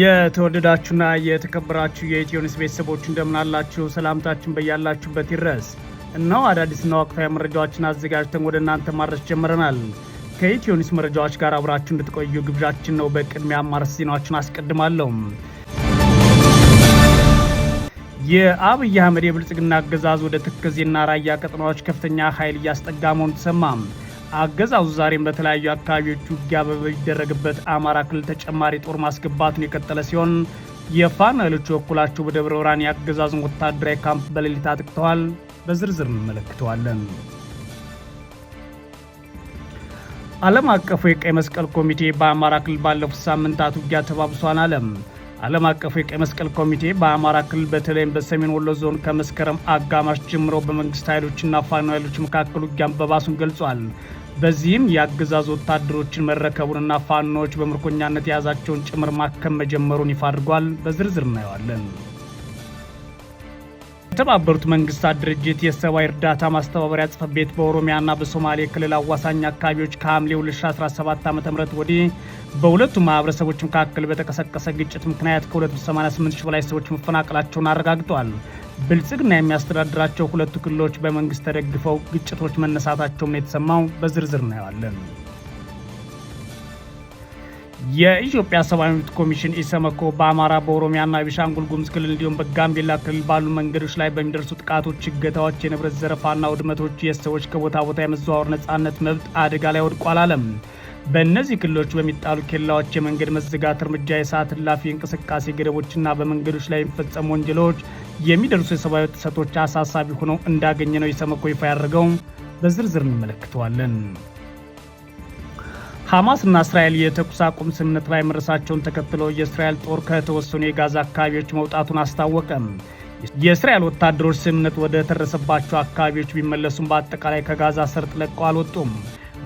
የተወደዳችሁና የተከበራችሁ የኢትዮኒስ ቤተሰቦች እንደምናላችሁ ሰላምታችን በያላችሁበት ይድረስ። እናው አዳዲስና ወቅታዊ መረጃዎችን አዘጋጅተን ወደ እናንተ ማድረስ ጀምረናል። ከኢትዮኒስ መረጃዎች ጋር አብራችሁ እንድትቆዩ ግብዣችን ነው። በቅድሚያ አማርስ ዜናዎችን አስቀድማለሁ። የአብይ አህመድ የብልጽግና አገዛዝ ወደ ተከዜና ራያ ቀጠናዎች ከፍተኛ ኃይል እያስጠጋ መሆኑ አገዛዙ ዛሬም በተለያዩ አካባቢዎች ውጊያ በሚደረግበት አማራ ክልል ተጨማሪ ጦር ማስገባቱን የቀጠለ ሲሆን የፋኖ ኃይሎች በኩላቸው በደብረ ብርሃን የአገዛዙን ወታደራዊ ካምፕ በሌሊት አጥቅተዋል። በዝርዝር እንመለከተዋለን። ዓለም አቀፉ የቀይ መስቀል ኮሚቴ በአማራ ክልል ባለፉት ሳምንታት ውጊያ ተባብሷን አለም ዓለም አቀፉ የቀይ መስቀል ኮሚቴ በአማራ ክልል በተለይም በሰሜን ወሎ ዞን ከመስከረም አጋማሽ ጀምሮ በመንግስት ኃይሎችና ፋኖ ኃይሎች መካከል ውጊያን በባሱን ገልጿል። በዚህም የአገዛዝ ወታደሮችን መረከቡንና ፋኖዎች በምርኮኛነት የያዛቸውን ጭምር ማከም መጀመሩን ይፋ አድርጓል። በዝርዝር እናየዋለን። የተባበሩት መንግስታት ድርጅት የሰብአዊ እርዳታ ማስተባበሪያ ጽፈት ቤት በኦሮሚያና በሶማሌ ክልል አዋሳኝ አካባቢዎች ከሐምሌ 2017 ዓ ም ወዲህ በሁለቱ ማህበረሰቦች መካከል በተቀሰቀሰ ግጭት ምክንያት ከ288 ሺህ በላይ ሰዎች መፈናቀላቸውን አረጋግጠዋል። ብልጽግና የሚያስተዳድራቸው ሁለቱ ክልሎች በመንግስት ተደግፈው ግጭቶች መነሳታቸውም የተሰማው በዝርዝር እናየዋለን። የኢትዮጵያ ሰብአዊ መብት ኮሚሽን ኢሰመኮ በአማራ በኦሮሚያና ቢሻንጉል ጉሙዝ ክልል እንዲሁም በጋምቤላ ክልል ባሉ መንገዶች ላይ በሚደርሱ ጥቃቶች፣ እገታዎች፣ የንብረት ዘረፋና ውድመቶች የሰዎች ከቦታ ቦታ የመዘዋወር ነጻነት መብት አደጋ ላይ ወድቋል አላለም። በእነዚህ ክልሎች በሚጣሉ ኬላዎች የመንገድ መዘጋት እርምጃ፣ የሰዓት እላፊ እንቅስቃሴ ገደቦችና በመንገዶች ላይ የሚፈጸሙ ወንጀሎች የሚደርሱ የሰብአዊ ጥሰቶች አሳሳቢ ሆነው እንዳገኘ ነው የሰመኮ ይፋ ያደርገው። በዝርዝር እንመለከተዋለን። ሐማስ እና እስራኤል የተኩስ አቁም ስምምነት ላይ መድረሳቸውን ተከትሎ የእስራኤል ጦር ከተወሰኑ የጋዛ አካባቢዎች መውጣቱን አስታወቀም። የእስራኤል ወታደሮች ስምምነት ወደ ተደረሰባቸው አካባቢዎች ቢመለሱም በአጠቃላይ ከጋዛ ሰርጥ ለቀው አልወጡም።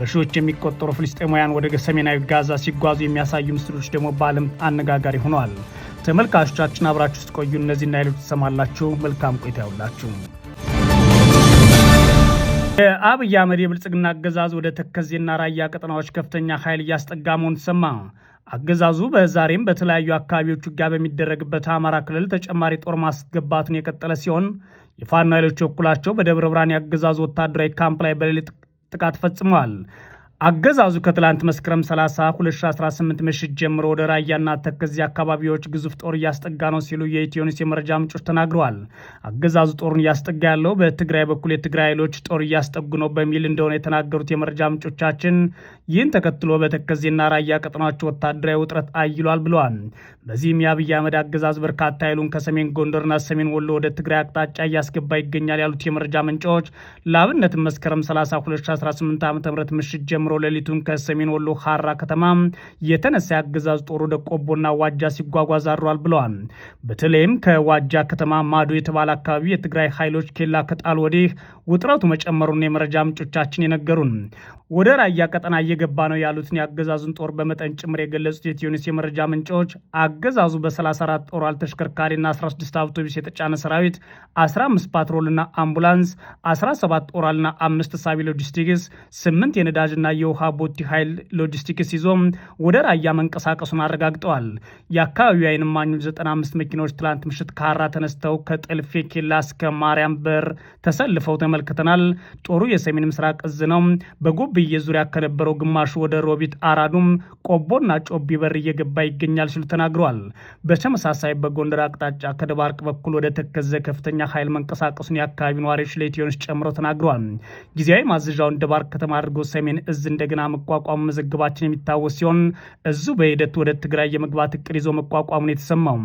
በሺዎች የሚቆጠሩ ፍልስጤማውያን ወደ ሰሜናዊ ጋዛ ሲጓዙ የሚያሳዩ ምስሎች ደግሞ በዓለም አነጋጋሪ ሆነዋል። ተመልካቾቻችን አብራችሁ ውስጥ ቆዩ። እነዚህና ሌሎች ትሰማላችሁ። መልካም ቆይታ ያውላችሁ። የአብይ አህመድ የብልጽግና አገዛዝ ወደ ተከዜና ራያ ቀጠናዎች ከፍተኛ ኃይል እያስጠጋ መሆኑ ተሰማ። አገዛዙ በዛሬም በተለያዩ አካባቢዎች ውጊያ በሚደረግበት አማራ ክልል ተጨማሪ ጦር ማስገባቱን የቀጠለ ሲሆን የፋኖ ኃይሎች በኩላቸው በደብረ ብርሃን የአገዛዙ ወታደራዊ ካምፕ ላይ በሌሊት ጥቃት ፈጽመዋል። አገዛዙ ከትላንት መስከረም 30 2018 ምሽት ጀምሮ ወደ ራያና ተከዚ አካባቢዎች ግዙፍ ጦር እያስጠጋ ነው ሲሉ የኢትዮኒስ የመረጃ ምንጮች ተናግረዋል። አገዛዙ ጦሩን እያስጠጋ ያለው በትግራይ በኩል የትግራይ ኃይሎች ጦር እያስጠጉ ነው በሚል እንደሆነ የተናገሩት የመረጃ ምንጮቻችን ይህን ተከትሎ በተከዜና ራያ ቀጠናዎች ወታደራዊ ውጥረት አይሏል ብለዋል። በዚህም የአብይ አህመድ አገዛዝ በርካታ ኃይሉን ከሰሜን ጎንደርና ሰሜን ወሎ ወደ ትግራይ አቅጣጫ እያስገባ ይገኛል ያሉት የመረጃ ምንጮች ለአብነት መስከረም 30 2018 ዓ ም ምሽት ጀምሮ ጀምሮ ሌሊቱን ከሰሜን ወሎ ሀራ ከተማ የተነሳ የአገዛዝ ጦር ወደ ቆቦና ዋጃ ሲጓጓዝ አድሯል ብለዋል። በተለይም ከዋጃ ከተማ ማዶ የተባለ አካባቢ የትግራይ ኃይሎች ኬላ ከጣል ወዲህ ውጥረቱ መጨመሩን የመረጃ ምንጮቻችን የነገሩን ወደ ራያ ቀጠና እየገባ ነው ያሉትን የአገዛዙን ጦር በመጠን ጭምር የገለጹት የትዮኒስ የመረጃ ምንጮች አገዛዙ በ34 ጦር ተሽከርካሪና 16 አውቶቢስ የተጫነ ሰራዊት፣ 15 ፓትሮልና አምቡላንስ፣ 17 ጦራልና አምስት ሳቢ ሎጂስቲክስ፣ 8 የነዳጅና የውሃ ቦቲ ኃይል ሎጂስቲክስ ይዞ ወደ ራያ መንቀሳቀሱን አረጋግጠዋል። የአካባቢው አይን እማኞች 95 መኪናዎች ትላንት ምሽት ካራ ተነስተው ከጥልፌ ኬላ እስከ ማርያም በር ተሰልፈው ተመልክተናል። ጦሩ የሰሜን ምስራቅ እዝ ነው። በጎብዬ ዙሪያ ከነበረው ግማሹ ወደ ሮቢት፣ አራዱም፣ ቆቦና ጮቢ በር እየገባ ይገኛል ሲሉ ተናግረዋል። በተመሳሳይ በጎንደር አቅጣጫ ከደባርቅ በኩል ወደ ተከዘ ከፍተኛ ኃይል መንቀሳቀሱን የአካባቢ ነዋሪዎች ለኢትዮንስ ጨምረው ተናግረዋል። ጊዜያዊ ማዘዣውን ደባርቅ ከተማ አድርገው ሰሜን እዝ እንደገና መቋቋሙ መዘግባችን የሚታወስ ሲሆን እዙ በሂደት ወደ ትግራይ የመግባት እቅድ ይዞ መቋቋሙን የተሰማው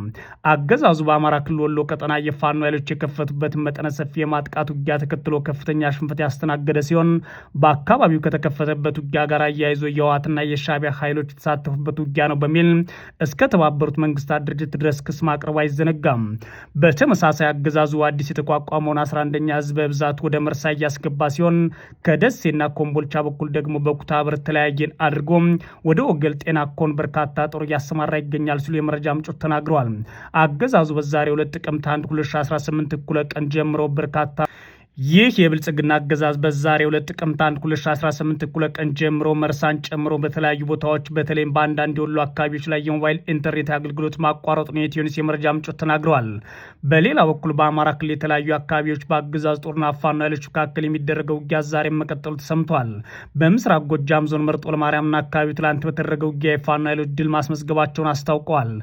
አገዛዙ በአማራ ክልል ወሎ ቀጠና የፋኖ ኃይሎች የከፈቱበትን መጠነ ሰፊ የማጥቃት ውጊያ ተከትሎ ከፍተኛ ሽንፈት ያስተናገደ ሲሆን በአካባቢው ከተከፈተበት ውጊያ ጋር አያይዞ የህወሓትና የሻቢያ ኃይሎች የተሳተፉበት ውጊያ ነው በሚል እስከ ተባበሩት መንግስታት ድርጅት ድረስ ክስ ማቅረቡ አይዘነጋም። በተመሳሳይ አገዛዙ አዲስ የተቋቋመውን 11ኛ ህዝብ በብዛት ወደ መርሳ እያስገባ ሲሆን ከደሴና ኮምቦልቻ በኩል ደግሞ በ ኩታብር ተለያየን አድርጎ ወደ ወገል ጤና ኮን በርካታ ጦር እያሰማራ ይገኛል ሲሉ የመረጃ ምንጮች ተናግረዋል። አገዛዙ በዛሬ ሁለት ጥቅምት 1 2018 እኩለ ቀን ጀምሮ በርካታ ይህ የብልጽግና አገዛዝ በዛሬ ዕለት ጥቅምት 1 2018 እኩለ ቀን ጀምሮ መርሳን ጨምሮ በተለያዩ ቦታዎች በተለይም በአንዳንድ የወሎ አካባቢዎች ላይ የሞባይል ኢንተርኔት አገልግሎት ማቋረጡን የኢትዮኒውስ የመረጃ ምንጮች ተናግረዋል። በሌላ በኩል በአማራ ክልል የተለያዩ አካባቢዎች በአገዛዝ ጦርና ፋኖ ኃይሎች መካከል የሚደረገው ውጊያ ዛሬም መቀጠሉ ተሰምቷል። በምስራቅ ጎጃም ዞን መርጦ ለማርያምና አካባቢው ትላንት በተደረገ ውጊያ የፋኖ ኃይሎች ድል ማስመዝገባቸውን አስታውቀዋል።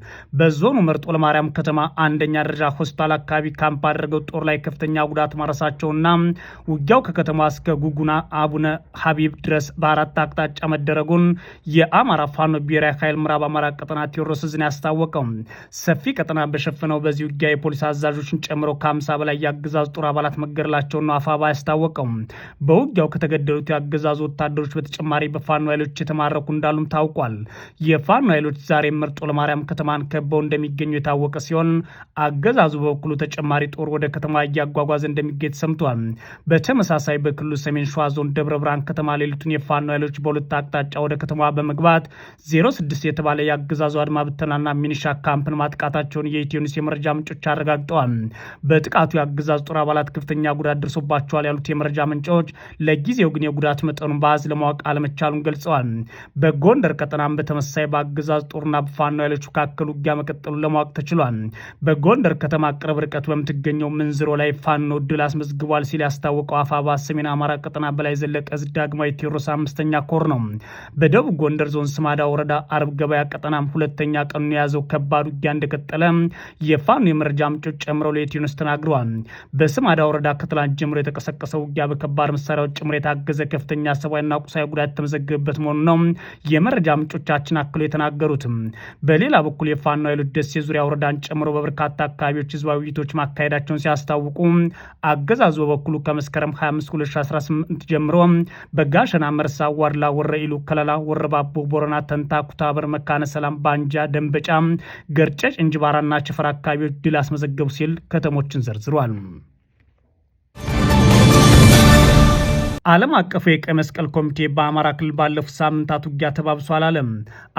በዞኑ መርጦ ለማርያም ከተማ አንደኛ ደረጃ ሆስፒታል አካባቢ ካምፕ አደረገው ጦር ላይ ከፍተኛ ጉዳት ማረሳቸውን ተጀምሯልና ውጊያው ከከተማ እስከ ጉጉና አቡነ ሀቢብ ድረስ በአራት አቅጣጫ መደረጉን የአማራ ፋኖ ብሔራዊ ኃይል ምዕራብ አማራ ቀጠና ቴዎድሮስ ዝን ያስታወቀው ሰፊ ቀጠና በሸፈነው በዚህ ውጊያ የፖሊስ አዛዦችን ጨምሮ ከአምሳ በላይ የአገዛዝ ጦር አባላት መገደላቸውን ነው አፋባ ያስታወቀው። በውጊያው ከተገደሉት የአገዛዙ ወታደሮች በተጨማሪ በፋኖ ኃይሎች የተማረኩ እንዳሉም ታውቋል። የፋኖ ኃይሎች ዛሬ መርጦ ለማርያም ከተማን ከበው እንደሚገኙ የታወቀ ሲሆን አገዛዙ በበኩሉ ተጨማሪ ጦር ወደ ከተማ እያጓጓዘ እንደሚገኝ ሰምቷል። ተናግረዋል። በተመሳሳይ በክልሉ ሰሜን ሸዋ ዞን ደብረ ብርሃን ከተማ ሌሊቱን የፋኖ ኃይሎች በሁለት አቅጣጫ ወደ ከተማዋ በመግባት 06 የተባለ የአገዛዙ አድማ ብተናና ሚኒሻ ካምፕን ማጥቃታቸውን የኢትዮኒስ የመረጃ ምንጮች አረጋግጠዋል። በጥቃቱ የአገዛዙ ጦር አባላት ከፍተኛ ጉዳት ደርሶባቸዋል ያሉት የመረጃ ምንጮች ለጊዜው ግን የጉዳት መጠኑን በአዝ ለማወቅ አለመቻሉን ገልጸዋል። በጎንደር ቀጠናም በተመሳሳይ በአገዛዝ ጦርና በፋኖ ኃይሎች መካከል ውጊያ መቀጠሉን ለማወቅ ተችሏል። በጎንደር ከተማ ቅርብ ርቀት በምትገኘው ምንዝሮ ላይ ፋኖ ድል አስመዝግቧል ተገኝተዋል ሲል ያስታወቀው አፋባ ሰሜን አማራ ቀጠና በላይ ዘለቀ ዕዝ ዳግማዊ ቴዎድሮስ አምስተኛ ኮር ነው። በደቡብ ጎንደር ዞን ስማዳ ወረዳ አርብ ገበያ ቀጠና ሁለተኛ ቀኑን የያዘው ከባድ ውጊያ እንደቀጠለ የፋኖ የመረጃ ምንጮች ጨምረው ለኢትዮንስ ተናግረዋል። በስማዳ ወረዳ ከትላንት ጀምሮ የተቀሰቀሰው ውጊያ በከባድ መሳሪያዎች ጭምር የታገዘ ከፍተኛ ሰብአዊና ቁሳዊ ጉዳት የተመዘገበበት መሆኑ ነው የመረጃ ምንጮቻችን አክሎ የተናገሩትም። በሌላ በኩል የፋኖ ኃይሎች ደሴ ዙሪያ ወረዳን ጨምሮ በበርካታ አካባቢዎች ህዝባዊ ውይይቶች ማካሄዳቸውን ሲያስታውቁ አገዛዙ በበኩሉ ከመስከረም 25 2018 ጀምሮ በጋሸና፣ መርሳ፣ ዋድላ፣ ወረኢሉ፣ ከለላ፣ ወረባቦ፣ ቦረና፣ ተንታ፣ ኩታበር፣ መካነ ሰላም፣ ባንጃ፣ ደንበጫ፣ ገርጨጭ፣ እንጅባራና ቸፈር አካባቢዎች ድል አስመዘገቡ ሲል ከተሞችን ዘርዝሯል። ዓለም አቀፉ የቀይ መስቀል ኮሚቴ በአማራ ክልል ባለፉት ሳምንታት ውጊያ ተባብሶ አላለም።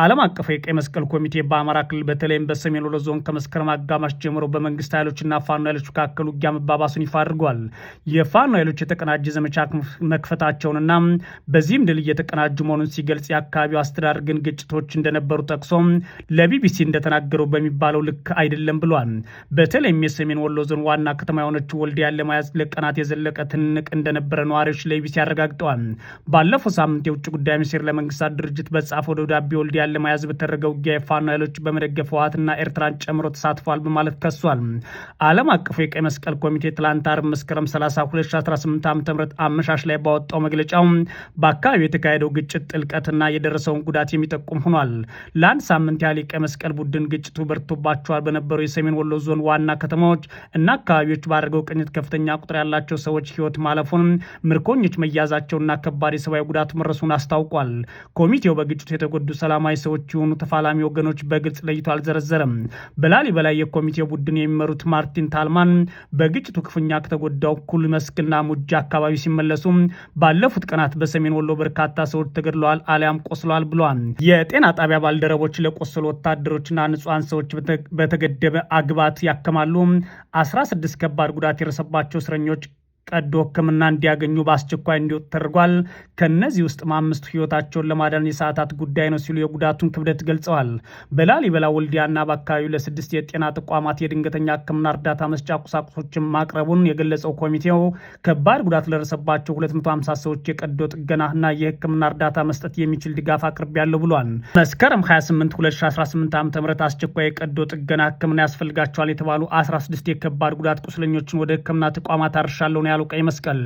ዓለም አቀፉ የቀይ መስቀል ኮሚቴ በአማራ ክልል በተለይም በሰሜን ወሎ ዞን ከመስከረም አጋማሽ ጀምሮ በመንግስት ኃይሎችና ፋኖ ኃይሎች መካከል ውጊያ መባባሱን ይፋ አድርጓል። የፋኖ ኃይሎች የተቀናጀ ዘመቻ መክፈታቸውንና በዚህም ድል እየተቀናጁ መሆኑን ሲገልጽ የአካባቢው አስተዳደር ግን ግጭቶች እንደነበሩ ጠቅሶ ለቢቢሲ እንደተናገረው በሚባለው ልክ አይደለም ብሏል። በተለይም የሰሜን ወሎ ዞን ዋና ከተማ የሆነችው ወልዲያን ለመያዝ ለቀናት የዘለቀ ትንቅ እንደነበረ ነዋሪዎች ለቢቢሲ ቢቢሲ ያረጋግጠዋል። ባለፈው ሳምንት የውጭ ጉዳይ ሚኒስቴር ለመንግስታት ድርጅት በጻፈው ደብዳቤ ወልዲያን ለመያዝ በተደረገ ውጊያ የፋኖ ኃይሎች በመደገፍ ህወሓትና ኤርትራን ጨምሮ ተሳትፏል በማለት ከሷል። ዓለም አቀፉ የቀይ መስቀል ኮሚቴ ትላንት አርብ መስከረም 30 2018 ዓ ም አመሻሽ ላይ ባወጣው መግለጫው በአካባቢው የተካሄደው ግጭት ጥልቀትና የደረሰውን ጉዳት የሚጠቁም ሆኗል። ለአንድ ሳምንት ያህል የቀይ መስቀል ቡድን ግጭቱ በርቶባቸዋል በነበሩ የሰሜን ወሎ ዞን ዋና ከተማዎች እና አካባቢዎች ባደረገው ቅኝት ከፍተኛ ቁጥር ያላቸው ሰዎች ህይወት ማለፉን ምርኮኞች መያዛቸውና ከባድ የሰብአዊ ጉዳት መረሱን አስታውቋል። ኮሚቴው በግጭቱ የተጎዱ ሰላማዊ ሰዎች የሆኑ ተፋላሚ ወገኖች በግልጽ ለይቶ አልዘረዘረም። በላሊበላ የኮሚቴው ቡድን የሚመሩት ማርቲን ታልማን በግጭቱ ክፉኛ ከተጎዳው ኩል መስክና ሙጃ አካባቢ ሲመለሱ ባለፉት ቀናት በሰሜን ወሎ በርካታ ሰዎች ተገድለዋል አሊያም ቆስለዋል ብሏል። የጤና ጣቢያ ባልደረቦች ለቆሰሉ ወታደሮችና ንጹሐን ሰዎች በተገደበ አግባት ያከማሉ። 16 ከባድ ጉዳት የደረሰባቸው እስረኞች ቀዶ ሕክምና እንዲያገኙ በአስቸኳይ እንዲወጡ ተደርጓል። ከእነዚህ ውስጥ አምስቱ ህይወታቸውን ለማዳን የሰዓታት ጉዳይ ነው ሲሉ የጉዳቱን ክብደት ገልጸዋል። በላሊበላ ወልዲያና በአካባቢው ለስድስት የጤና ተቋማት የድንገተኛ ሕክምና እርዳታ መስጫ ቁሳቁሶችን ማቅረቡን የገለጸው ኮሚቴው ከባድ ጉዳት ለደረሰባቸው 250 ሰዎች የቀዶ ጥገናና የሕክምና እርዳታ መስጠት የሚችል ድጋፍ አቅርቤያለሁ ብሏል። መስከረም 28 2018 ዓ ም አስቸኳይ የቀዶ ጥገና ሕክምና ያስፈልጋቸዋል የተባሉ 16 የከባድ ጉዳት ቁስለኞችን ወደ ሕክምና ተቋማት አርሻለሁ ነው ያሉ ቀይ መስቀል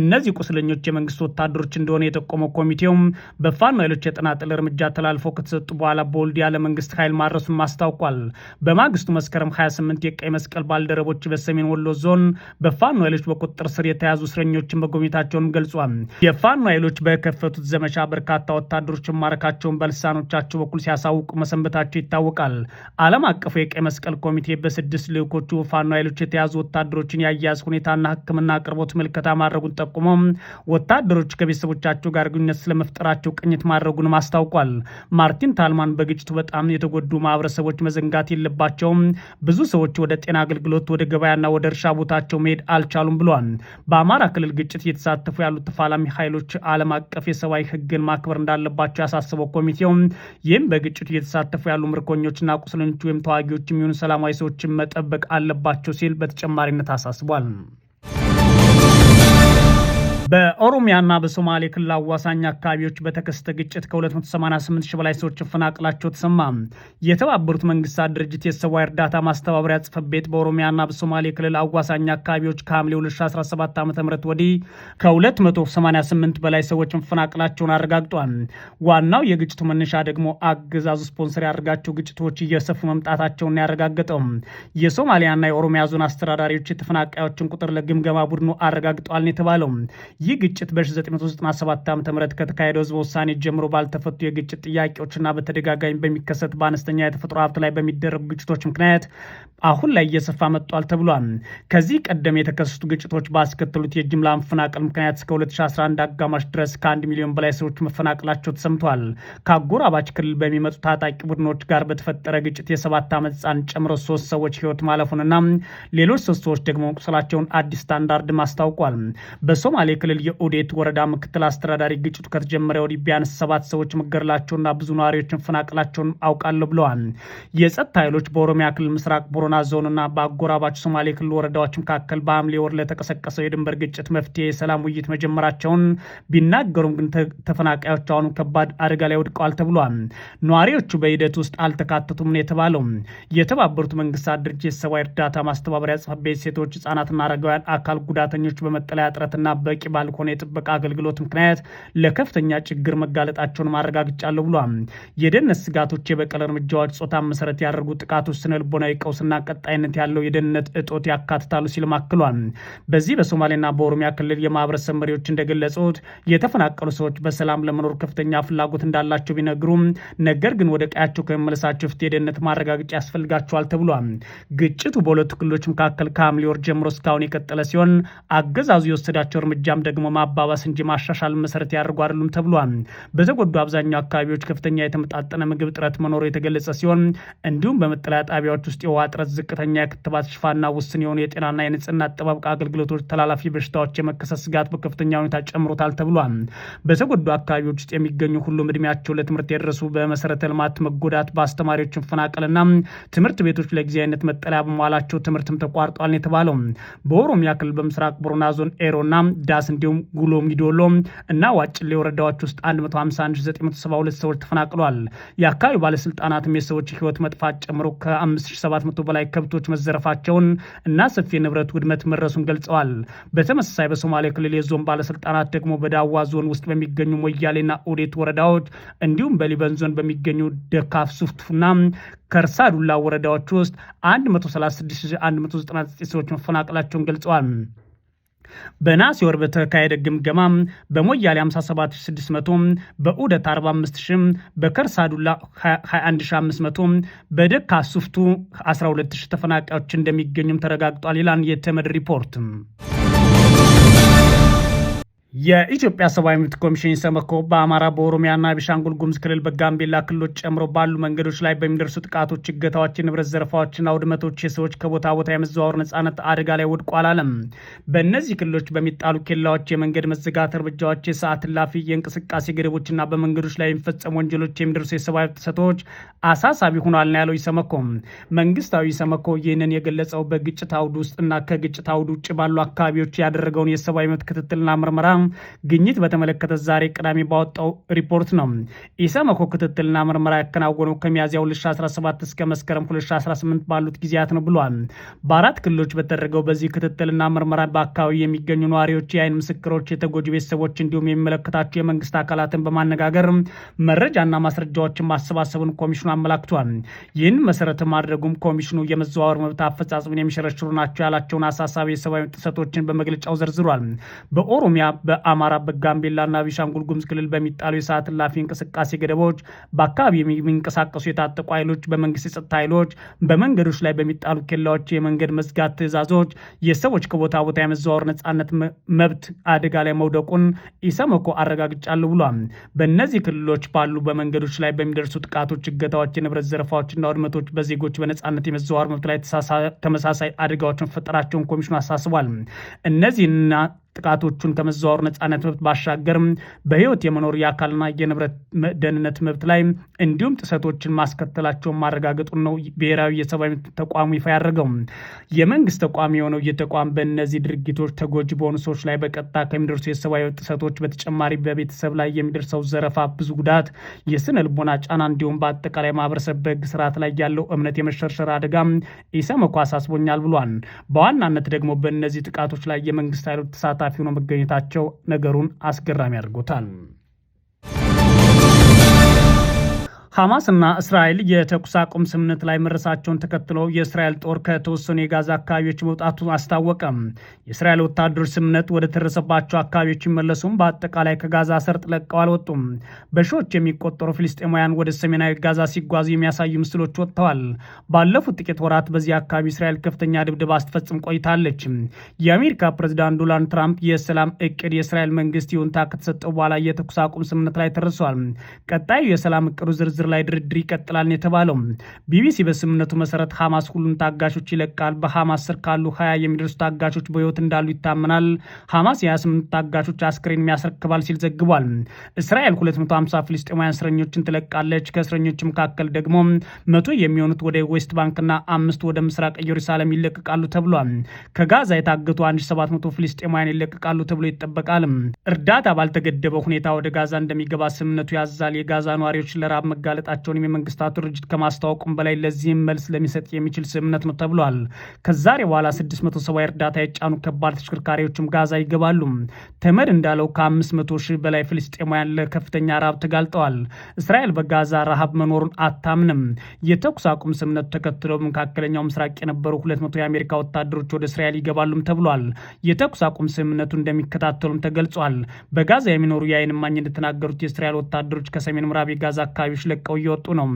እነዚህ ቁስለኞች የመንግስት ወታደሮች እንደሆነ የጠቆመው ኮሚቴውም በፋኖ ኃይሎች የጥናጥል እርምጃ ተላልፎ ከተሰጡ በኋላ በወልዲያ ለመንግስት ኃይል ማድረሱን አስታውቋል። በማግስቱ መስከረም 28 የቀይ መስቀል ባልደረቦች በሰሜን ወሎ ዞን በፋኖ ኃይሎች በቁጥጥር ስር የተያዙ እስረኞችን መጎብኘታቸውን ገልጿል። የፋኖ ኃይሎች በከፈቱት ዘመቻ በርካታ ወታደሮች ማረካቸውን በልሳኖቻቸው በኩል ሲያሳውቁ መሰንበታቸው ይታወቃል። ዓለም አቀፉ የቀይ መስቀል ኮሚቴ በስድስት ልዑኮቹ ፋኖ ኃይሎች የተያዙ ወታደሮችን ያያዝ ሁኔታና ሕክምና አቅርቦት ምልከታ ማድረጉን ጠቁሞ ወታደሮች ከቤተሰቦቻቸው ጋር ግንኙነት ስለመፍጠራቸው ቅኝት ማድረጉንም አስታውቋል። ማርቲን ታልማን በግጭቱ በጣም የተጎዱ ማህበረሰቦች መዘንጋት የለባቸውም፣ ብዙ ሰዎች ወደ ጤና አገልግሎት፣ ወደ ገበያና ወደ እርሻ ቦታቸው መሄድ አልቻሉም ብሏል። በአማራ ክልል ግጭት እየተሳተፉ ያሉት ተፋላሚ ኃይሎች ዓለም አቀፍ የሰብአዊ ህግን ማክበር እንዳለባቸው ያሳሰበው ኮሚቴው ይህም በግጭቱ እየተሳተፉ ያሉ ምርኮኞችና ቁስለኞች ወይም ተዋጊዎች የሚሆኑ ሰላማዊ ሰዎችን መጠበቅ አለባቸው ሲል በተጨማሪነት አሳስቧል። በኦሮሚያና በሶማሌ ክልል አዋሳኝ አካባቢዎች በተከሰተ ግጭት ከ288 ሺህ በላይ ሰዎች መፈናቀላቸው ተሰማ። የተባበሩት መንግስታት ድርጅት የሰብዓዊ እርዳታ ማስተባበሪያ ጽሕፈት ቤት በኦሮሚያና በሶማሌ ክልል አዋሳኝ አካባቢዎች ከሐምሌ 2017 ዓ ም ወዲህ ከ288 በላይ ሰዎች መፈናቀላቸውን አረጋግጧል። ዋናው የግጭቱ መነሻ ደግሞ አገዛዙ ስፖንሰር ያደርጋቸው ግጭቶች እየሰፉ መምጣታቸውን ያረጋገጠው የሶማሊያና የኦሮሚያ ዞን አስተዳዳሪዎች የተፈናቃዮችን ቁጥር ለግምገማ ቡድኑ አረጋግጧል ነው የተባለው። ይህ ግጭት በ1997 ዓ ም ከተካሄደው ህዝበ ውሳኔ ጀምሮ ባልተፈቱ የግጭት ጥያቄዎችና በተደጋጋሚ በሚከሰት በአነስተኛ የተፈጥሮ ሀብት ላይ በሚደረጉ ግጭቶች ምክንያት አሁን ላይ እየሰፋ መጥቷል ተብሏል። ከዚህ ቀደም የተከሰቱ ግጭቶች ባስከተሉት የጅምላ መፈናቀል ምክንያት እስከ 2011 አጋማሽ ድረስ ከ1 ሚሊዮን በላይ ሰዎች መፈናቀላቸው ተሰምቷል። ከአጎራባች ክልል በሚመጡ ታጣቂ ቡድኖች ጋር በተፈጠረ ግጭት የሰባት ዓመት ህፃን ጨምሮ ሶስት ሰዎች ህይወት ማለፉንና ሌሎች ሶስት ሰዎች ደግሞ ቁሰላቸውን አዲስ ስታንዳርድ ማስታውቋል። በሶማሌ ክልል ክልል የኦዴት ወረዳ ምክትል አስተዳዳሪ ግጭቱ ከተጀመረ ወዲህ ቢያንስ ሰባት ሰዎች መገደላቸውና ብዙ ነዋሪዎችን መፈናቀላቸውን አውቃለሁ ብለዋል። የጸጥታ ኃይሎች በኦሮሚያ ክልል ምስራቅ ቦረና ዞንና በአጎራባች ሶማሌ ክልል ወረዳዎች መካከል በሐምሌ ወር ለተቀሰቀሰው የድንበር ግጭት መፍትሄ የሰላም ውይይት መጀመራቸውን ቢናገሩም ግን ተፈናቃዮች አሁኑ ከባድ አደጋ ላይ ወድቀዋል ተብሏል። ነዋሪዎቹ በሂደት ውስጥ አልተካተቱም ነው የተባለው። የተባበሩት መንግስታት ድርጅት ሰብአዊ እርዳታ ማስተባበሪያ ጽሕፈት ቤት ሴቶች፣ ህጻናትና አረጋውያን፣ አካል ጉዳተኞች በመጠለያ እጥረትና በቂ ባልሆነ የጥበቃ አገልግሎት ምክንያት ለከፍተኛ ችግር መጋለጣቸውን ማረጋግጫለሁ ብሏል። የደህንነት ስጋቶች፣ የበቀል እርምጃዎች፣ ጾታን መሰረት ያደርጉ ጥቃቶች፣ ስነ ልቦናዊ ቀውስና ቀጣይነት ያለው የደህንነት እጦት ያካትታሉ ሲልም አክሏል። በዚህ በሶማሌና በኦሮሚያ ክልል የማህበረሰብ መሪዎች እንደገለጹት የተፈናቀሉ ሰዎች በሰላም ለመኖር ከፍተኛ ፍላጎት እንዳላቸው ቢነግሩም ነገር ግን ወደ ቀያቸው ከመመለሳቸው በፊት የደህንነት ማረጋገጫ ያስፈልጋቸዋል ተብሏል። ግጭቱ በሁለቱ ክልሎች መካከል ከሐምሌ ወር ጀምሮ እስካሁን የቀጠለ ሲሆን አገዛዙ የወሰዳቸው እርምጃ አሊያም ደግሞ ማባባስ እንጂ ማሻሻል መሰረት ያደርጉ አይደሉም ተብሏል። በተጎዱ አብዛኛው አካባቢዎች ከፍተኛ የተመጣጠነ ምግብ እጥረት መኖሩ የተገለጸ ሲሆን እንዲሁም በመጠለያ ጣቢያዎች ውስጥ የውሃ እጥረት፣ ዝቅተኛ የክትባት ሽፋና ውስን የሆኑ የጤናና የንጽህና አጠባበቅ አገልግሎቶች ተላላፊ በሽታዎች የመከሰት ስጋት በከፍተኛ ሁኔታ ጨምሮታል ተብሏል። በተጎዱ አካባቢዎች ውስጥ የሚገኙ ሁሉም እድሜያቸው ለትምህርት የደረሱ በመሰረተ ልማት መጎዳት፣ በአስተማሪዎች መፈናቀልና ትምህርት ቤቶች አይነት መጠለያ በመዋላቸው ትምህርትም ተቋርጧል የተባለው በኦሮሚያ ክልል በምስራቅ ቦረና ዞን ኤሮና ዳስ እንዲሁም ጉሎም ጊዶሎም እና ዋጭሌ ወረዳዎች ውስጥ 151972 ሰዎች ተፈናቅሏል። የአካባቢው ባለስልጣናትም የሰዎች ህይወት መጥፋት ጨምሮ ከ5700 በላይ ከብቶች መዘረፋቸውን እና ሰፊ ንብረት ውድመት መድረሱን ገልጸዋል። በተመሳሳይ በሶማሌ ክልል የዞን ባለስልጣናት ደግሞ በዳዋ ዞን ውስጥ በሚገኙ ሞያሌና ኦዴት ወረዳዎች እንዲሁም በሊበን ዞን በሚገኙ ደካፍ ሱፍቱና ከርሳዱላ ወረዳዎች ውስጥ 136199 ሰዎች መፈናቀላቸውን ገልጸዋል። በነሐሴ ወር በተካሄደ ግምገማ በሞያሌ 57600፣ በዑደት 45000፣ በከርሳ ዱላ 21500፣ በደካ ሱፍቱ 12000 ተፈናቃዮች እንደሚገኙም ተረጋግጧል ይላል የተመድ ሪፖርት። የኢትዮጵያ ሰብአዊ መብት ኮሚሽን ኢሰመኮ በአማራ በኦሮሚያና ቤኒሻንጉል ጉሙዝ ክልል በጋምቤላ ክልሎች ጨምሮ ባሉ መንገዶች ላይ በሚደርሱ ጥቃቶች፣ እገታዎች፣ የንብረት ዘረፋዎችና ውድመቶች የሰዎች ከቦታ ቦታ የመዘዋወር ነጻነት አደጋ ላይ ወድቆ አላለም። በእነዚህ ክልሎች በሚጣሉ ኬላዎች፣ የመንገድ መዘጋት እርምጃዎች፣ የሰዓት እላፊ፣ የእንቅስቃሴ ገደቦችና በመንገዶች ላይ የሚፈጸሙ ወንጀሎች የሚደርሱ የሰብአዊ መብት ጥሰቶች አሳሳቢ ሆኗል ነው ያለው ኢሰመኮ። መንግስታዊ ኢሰመኮ ይህንን የገለጸው በግጭት አውድ ውስጥ እና ከግጭት አውድ ውጭ ባሉ አካባቢዎች ያደረገውን የሰብአዊ መብት ክትትልና ምርመራ ግኝት በተመለከተ ዛሬ ቅዳሜ ባወጣው ሪፖርት ነው። ኢሰመኮ ክትትልና ምርመራ ያከናወነው ከሚያዝያ 2017 እስከ መስከረም 2018 ባሉት ጊዜያት ነው ብሏል። በአራት ክልሎች በተደረገው በዚህ ክትትልና ምርመራ በአካባቢ የሚገኙ ነዋሪዎች፣ የአይን ምስክሮች፣ የተጎጂ ቤተሰቦች እንዲሁም የሚመለከታቸው የመንግስት አካላትን በማነጋገር መረጃና ማስረጃዎችን ማሰባሰቡን ኮሚሽኑ አመላክቷል። ይህን መሰረት ማድረጉም ኮሚሽኑ የመዘዋወር መብት አፈጻጽምን የሚሸረሽሩ ናቸው ያላቸውን አሳሳቢ የሰብአዊ ጥሰቶችን በመግለጫው ዘርዝሯል። በኦሮሚያ በአማራ በጋምቤላና ቢሻንጉል ጉሙዝ ክልል በሚጣሉ የሰዓት እላፊ እንቅስቃሴ ገደቦች በአካባቢ የሚንቀሳቀሱ የታጠቁ ኃይሎች በመንግስት የጸጥታ ኃይሎች በመንገዶች ላይ በሚጣሉ ኬላዎች የመንገድ መዝጋት ትእዛዞች፣ የሰዎች ከቦታ ቦታ የመዘዋወር ነጻነት መብት አደጋ ላይ መውደቁን ኢሰመኮ አረጋግጫለሁ ብሏል። በእነዚህ ክልሎች ባሉ በመንገዶች ላይ በሚደርሱ ጥቃቶች፣ እገታዎች፣ የንብረት ዘረፋዎችና ውድመቶች በዜጎች በነጻነት የመዘዋወር መብት ላይ ተመሳሳይ አደጋዎችን መፈጠራቸውን ኮሚሽኑ አሳስቧል። እነዚህና ጥቃቶቹን ከመዘዋወር ነጻነት መብት ባሻገር በህይወት የመኖር የአካልና የንብረት ደህንነት መብት ላይ እንዲሁም ጥሰቶችን ማስከተላቸውን ማረጋገጡን ነው ብሔራዊ የሰብአዊ መብት ተቋሙ ይፋ ያደረገው። የመንግስት ተቋም የሆነው የተቋም በእነዚህ ድርጊቶች ተጎጂ በሆኑ ሰዎች ላይ በቀጥታ ከሚደርሱ የሰብአዊ ጥሰቶች በተጨማሪ በቤተሰብ ላይ የሚደርሰው ዘረፋ፣ ብዙ ጉዳት፣ የስነ ልቦና ጫና እንዲሁም በአጠቃላይ ማህበረሰብ በህግ ስርዓት ላይ ያለው እምነት የመሸርሸር አደጋ ኢሰመኮ አሳስቦኛል ብሏል። በዋናነት ደግሞ በእነዚህ ጥቃቶች ላይ የመንግስት ኃይሎች ተሳ ተሳታፊ ሆኖ መገኘታቸው ነገሩን አስገራሚ አድርጎታል። ሐማስና እስራኤል የተኩስ አቁም ስምምነት ላይ መድረሳቸውን ተከትሎ የእስራኤል ጦር ከተወሰኑ የጋዛ አካባቢዎች መውጣቱ አስታወቀም። የእስራኤል ወታደሮች ስምምነት ወደ ተደረሰባቸው አካባቢዎች ይመለሱም፣ በአጠቃላይ ከጋዛ ሰርጥ ለቀው አልወጡም። በሺዎች የሚቆጠሩ ፊልስጤማውያን ወደ ሰሜናዊ ጋዛ ሲጓዙ የሚያሳዩ ምስሎች ወጥተዋል። ባለፉት ጥቂት ወራት በዚህ አካባቢ እስራኤል ከፍተኛ ድብደባ ስትፈጽም ቆይታለች። የአሜሪካ ፕሬዚዳንት ዶናልድ ትራምፕ የሰላም እቅድ የእስራኤል መንግስት ይሁንታ ከተሰጠው በኋላ የተኩስ አቁም ስምምነት ላይ ተደርሷል። ቀጣዩ የሰላም እቅዱ ዝርዝር ዝርዝር ላይ ድርድር ይቀጥላል የተባለው ቢቢሲ በስምምነቱ መሰረት ሐማስ ሁሉን ታጋሾች ይለቃል። በሐማስ ስር ካሉ ሀያ የሚደርሱ ታጋሾች በህይወት እንዳሉ ይታመናል። ሐማስ የ28 ታጋሾች አስክሬን የሚያስረክባል ሲል ዘግቧል። እስራኤል 250 ፍልስጤማውያን እስረኞችን ትለቃለች። ከእስረኞች መካከል ደግሞ መቶ የሚሆኑት ወደ ዌስት ባንክና አምስት ወደ ምስራቅ ኢየሩሳሌም ይለቀቃሉ ተብሏል። ከጋዛ የታገቱ 1700 ፍልስጤማውያን ይለቀቃሉ ተብሎ ይጠበቃል። እርዳታ ባልተገደበ ሁኔታ ወደ ጋዛ እንደሚገባ ስምምነቱ ያዛል። የጋዛ ነዋሪዎች ለራብ መጋ መጋለጣቸውንም የመንግስታቱ ድርጅት ከማስታወቁም በላይ ለዚህም መልስ ለሚሰጥ የሚችል ስምምነት ነው ተብሏል። ከዛሬ በኋላ 600 ሰብዓዊ እርዳታ የጫኑ ከባድ ተሽከርካሪዎችም ጋዛ ይገባሉ። ተመድ እንዳለው ከ500 ሺህ በላይ ፍልስጤማውያን ለከፍተኛ ረሃብ ተጋልጠዋል። እስራኤል በጋዛ ረሃብ መኖሩን አታምንም። የተኩስ አቁም ስምምነቱ ተከትሎ መካከለኛው ምስራቅ የነበሩ 200 የአሜሪካ ወታደሮች ወደ እስራኤል ይገባሉም ተብሏል። የተኩስ አቁም ስምምነቱ እንደሚከታተሉም ተገልጿል። በጋዛ የሚኖሩ የአይን እማኝ እንደተናገሩት የእስራኤል ወታደሮች ከሰሜን ምዕራብ የጋዛ አካባቢዎች ለቀው እየወጡ ነው።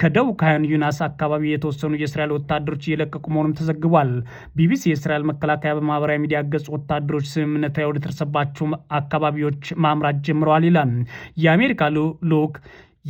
ከደቡብ ካህን ዩናስ አካባቢ የተወሰኑ የእስራኤል ወታደሮች እየለቀቁ መሆኑም ተዘግቧል። ቢቢሲ የእስራኤል መከላከያ በማህበራዊ ሚዲያ ገጽ ወታደሮች ስምምነት ላይ ወደ ተርሰባቸው አካባቢዎች ማምራት ጀምረዋል ይላል። የአሜሪካ ልዑክ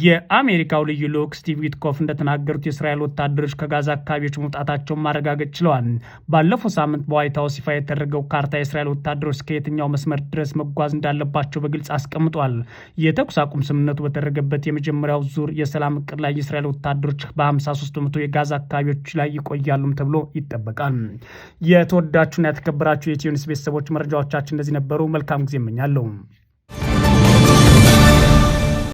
የአሜሪካው ልዩ ልዑክ ስቲቭ ዊትኮፍ እንደተናገሩት የእስራኤል ወታደሮች ከጋዛ አካባቢዎች መውጣታቸውን ማረጋገጥ ችለዋል። ባለፈው ሳምንት በዋይት ሀውስ ይፋ የተደረገው ካርታ የእስራኤል ወታደሮች ከየትኛው መስመር ድረስ መጓዝ እንዳለባቸው በግልጽ አስቀምጧል። የተኩስ አቁም ስምምነቱ በተደረገበት የመጀመሪያው ዙር የሰላም እቅድ ላይ የእስራኤል ወታደሮች በ53 በመቶ የጋዛ አካባቢዎች ላይ ይቆያሉም ተብሎ ይጠበቃል። የተወዳችሁና የተከበራችሁ የኢትዮ ኒውስ ቤተሰቦች መረጃዎቻችን እንደዚህ ነበሩ። መልካም ጊዜ እመኛለሁ።